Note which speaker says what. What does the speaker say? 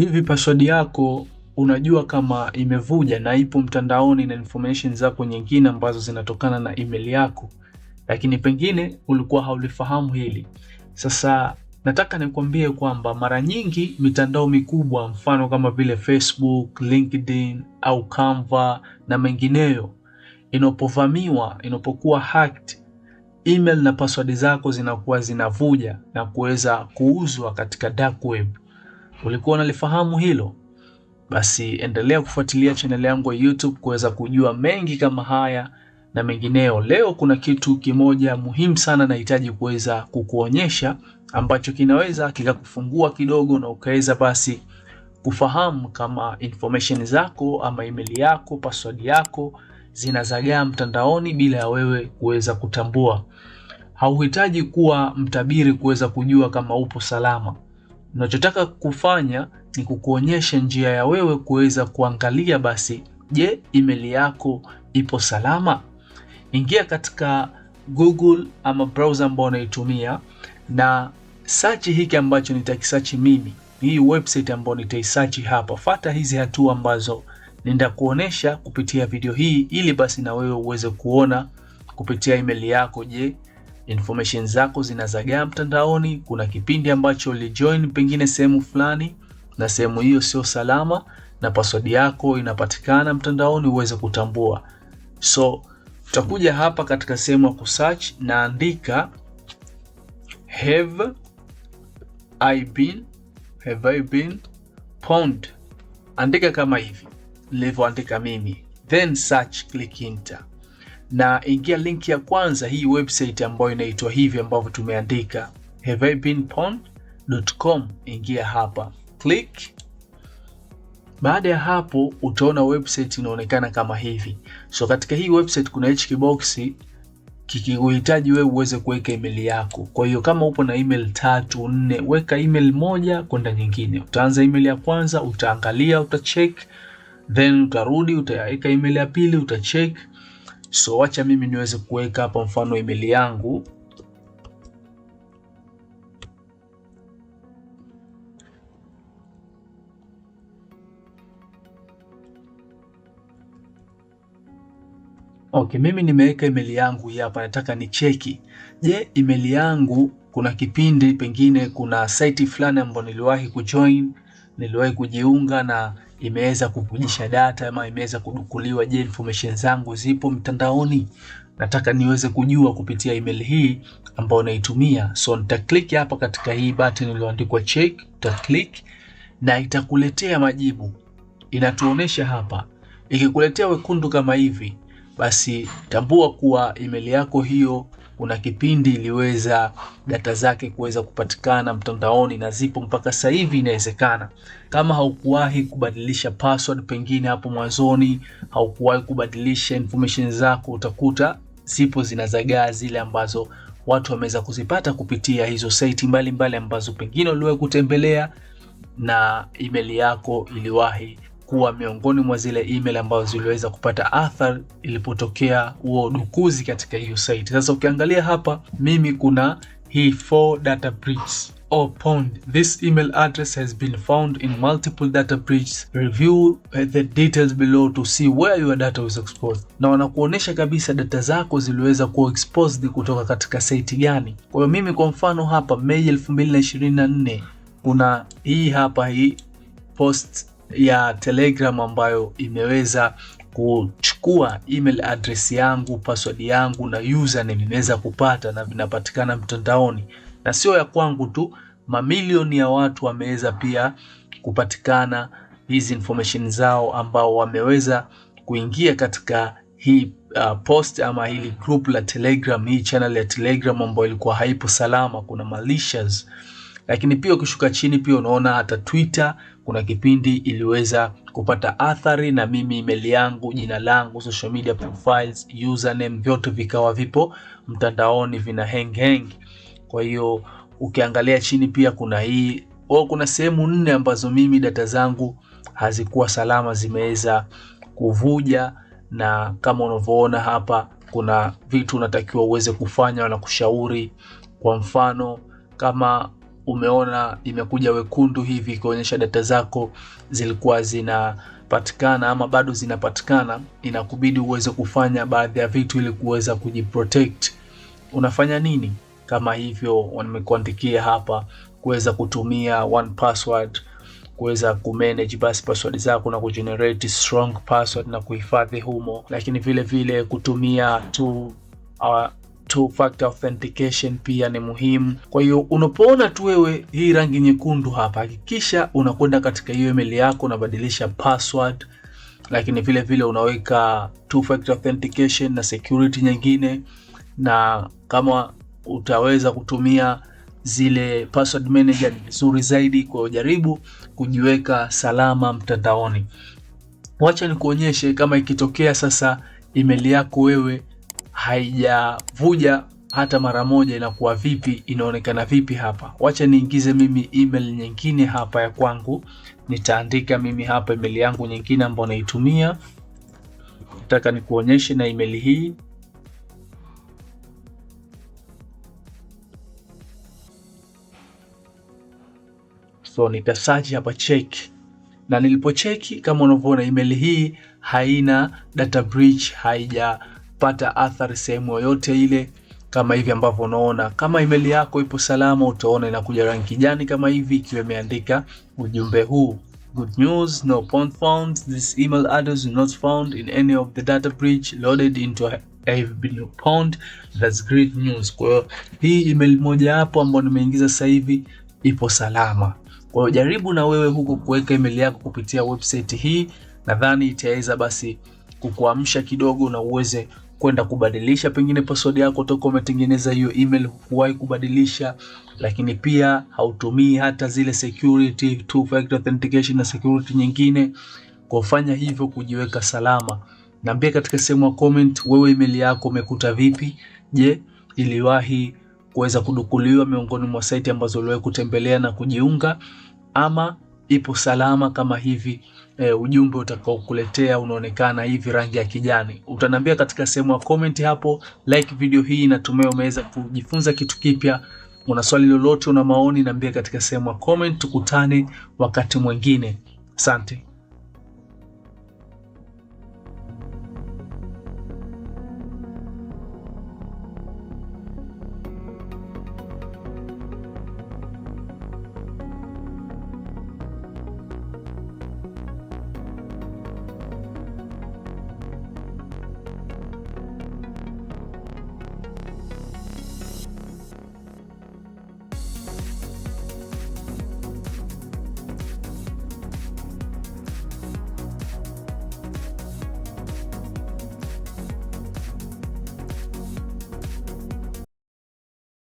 Speaker 1: Hivi password yako unajua kama imevuja na ipo mtandaoni na information zako nyingine ambazo zinatokana na email yako, lakini pengine ulikuwa haulifahamu hili. Sasa nataka nikwambie kwamba mara nyingi mitandao mikubwa, mfano kama vile Facebook, LinkedIn au Canva na mengineyo, inapovamiwa, inapokuwa hacked, email na password zako zinakuwa zinavuja na kuweza kuuzwa katika dark web. Ulikuwa unalifahamu hilo? Basi endelea kufuatilia chaneli yangu ya YouTube kuweza kujua mengi kama haya na mengineo. Leo kuna kitu kimoja muhimu sana nahitaji kuweza kukuonyesha ambacho kinaweza kikakufungua kidogo na ukaweza basi kufahamu kama information zako ama email yako, password yako zinazagaa mtandaoni bila ya wewe kuweza kutambua. Hauhitaji kuwa mtabiri kuweza kujua kama upo salama unachotaka kufanya ni kukuonyesha njia ya wewe kuweza kuangalia basi, je, email yako ipo salama? Ingia katika Google ama browser ambayo unaitumia na search hiki ambacho nitakisearch mimi, hii website ambayo nitaisearch hapa. Fata hizi hatua ambazo nitakuonesha kupitia video hii, ili basi na wewe uweze kuona kupitia email yako, je information zako zinazagaa mtandaoni. Kuna kipindi ambacho ulijoin pengine sehemu fulani na sehemu hiyo sio salama, na password yako inapatikana mtandaoni uweze kutambua. So utakuja hapa katika sehemu ya kusearch, naandika have I been, have I been pwned. Andika kama hivi nilivyoandika mimi, then search, click enter na ingia link ya kwanza, hii website ambayo inaitwa hivi ambavyo tumeandika haveibeenpwned.com. Ingia hapa click. Baada ya hapo, utaona website inaonekana kama hivi. So katika hii website kuna hichi kiboksi kikikuhitaji wewe uweze kuweka email yako. Kwa hiyo kama upo na email tatu nne, weka email moja kwenda nyingine. Utaanza email ya kwanza, utaangalia, utacheck, then utarudi utaweka email ya pili, utacheck So wacha mimi niweze kuweka hapa mfano email yangu Okay, mimi nimeweka email yangu hii hapa, nataka ni cheki. Je, email yangu kuna kipindi pengine kuna site fulani ambayo niliwahi kujoin, niliwahi kujiunga na imeweza kuvujisha data ama imeweza kudukuliwa. Je, information zangu zipo mtandaoni? Nataka niweze kujua kupitia email hii ambayo naitumia. So nita click hapa katika hii button iliyoandikwa check, uta click na itakuletea majibu. Inatuonesha hapa, ikikuletea wekundu kama hivi, basi tambua kuwa email yako hiyo kuna kipindi iliweza data zake kuweza kupatikana mtandaoni na zipo mpaka sasa hivi. Inawezekana kama haukuwahi kubadilisha password, pengine hapo mwanzoni haukuwahi kubadilisha information zako, utakuta zipo zinazagaa zile ambazo watu wameweza kuzipata kupitia hizo saiti mbalimbali ambazo pengine uliwahi kutembelea na email yako iliwahi kuwa miongoni mwa zile email ambazo ziliweza kupata athari ilipotokea huo udukuzi katika hiyo site. Sasa ukiangalia hapa, mimi kuna hii four data breaches Oh, pond. This email address has been found in multiple data breaches. Review uh, the details below to see where your data was exposed. Na wanakuonesha kabisa data zako ziliweza kuwa exposed kutoka katika site gani. Kwa hiyo mimi kwa mfano hapa Mei 2024 kuna hii hapa hii post ya Telegram ambayo imeweza kuchukua email address yangu, password yangu na username imeweza kupata na vinapatikana mtandaoni, na sio ya kwangu tu, mamilioni ya watu wameweza pia kupatikana hizi information zao, ambao wameweza kuingia katika hii uh, post ama hili group la Telegram, hii channel ya Telegram ambayo ilikuwa haipo salama. Kuna malicious lakini pia ukishuka chini pia unaona hata Twitter kuna kipindi iliweza kupata athari, na mimi email yangu, jina langu, social media profiles, username vyote vikawa vipo mtandaoni vina hang hang. Kwa hiyo ukiangalia chini pia kuna hii o, kuna sehemu nne ambazo mimi data zangu hazikuwa salama, zimeweza kuvuja, na kama unavyoona hapa kuna vitu unatakiwa uweze kufanya na kushauri. Kwa mfano kama umeona imekuja wekundu hivi ikionyesha data zako zilikuwa zinapatikana ama bado zinapatikana, inakubidi uweze kufanya baadhi ya vitu ili kuweza kujiprotect. Unafanya nini kama hivyo nimekuandikia hapa, kuweza kutumia one password kuweza kumanage basi password zako na kugenerate strong password na kuhifadhi humo, lakini vile vile kutumia two uh, two factor authentication pia ni muhimu. Kwa hiyo unapoona tu wewe hii rangi nyekundu hapa, hakikisha unakwenda katika hiyo email yako unabadilisha password, lakini vile vile unaweka two factor authentication na security nyingine, na kama utaweza kutumia zile password manager ni vizuri zaidi, kwa ujaribu kujiweka salama mtandaoni. Wacha nikuonyeshe kama ikitokea sasa email yako wewe haijavuja hata mara moja, inakuwa vipi? Inaonekana vipi hapa? Wacha niingize mimi email nyingine hapa ya kwangu. Nitaandika mimi hapa email yangu nyingine ambayo naitumia, nataka nikuonyeshe na email hii So nitasearch hapa check, na nilipocheki, kama unavyoona email hii haina data breach, haija kupata athari sehemu yoyote ile, kama hivi ambavyo unaona. Kama email yako ipo salama, utaona inakuja rangi kijani kama hivi, ikiwa imeandika ujumbe huu Good news, no pond found. This email address is not found in any of the data breach loaded into a FB pond. That's great news. Kwa hiyo hii email moja hapo ambayo nimeingiza sasa hivi ipo salama. Kwa hiyo jaribu na wewe huko kuweka email yako kupitia website hii, nadhani itaweza basi kukuamsha kidogo na uweze kwenda kubadilisha pengine password yako toka umetengeneza hiyo email, huwahi kubadilisha. Lakini pia hautumii hata zile security two factor authentication na security nyingine. Kufanya hivyo kujiweka salama. Niambie katika sehemu ya comment, wewe email yako umekuta vipi? Je, iliwahi kuweza kudukuliwa miongoni mwa site ambazo uliwahi kutembelea na kujiunga ama ipo salama kama hivi. E, ujumbe utakaokuletea unaonekana hivi rangi ya kijani. Utaniambia katika sehemu ya comment hapo, like video hii, natumai umeweza kujifunza kitu kipya. Una swali lolote, una maoni, niambie katika sehemu ya comment. Tukutane wakati mwingine, asante.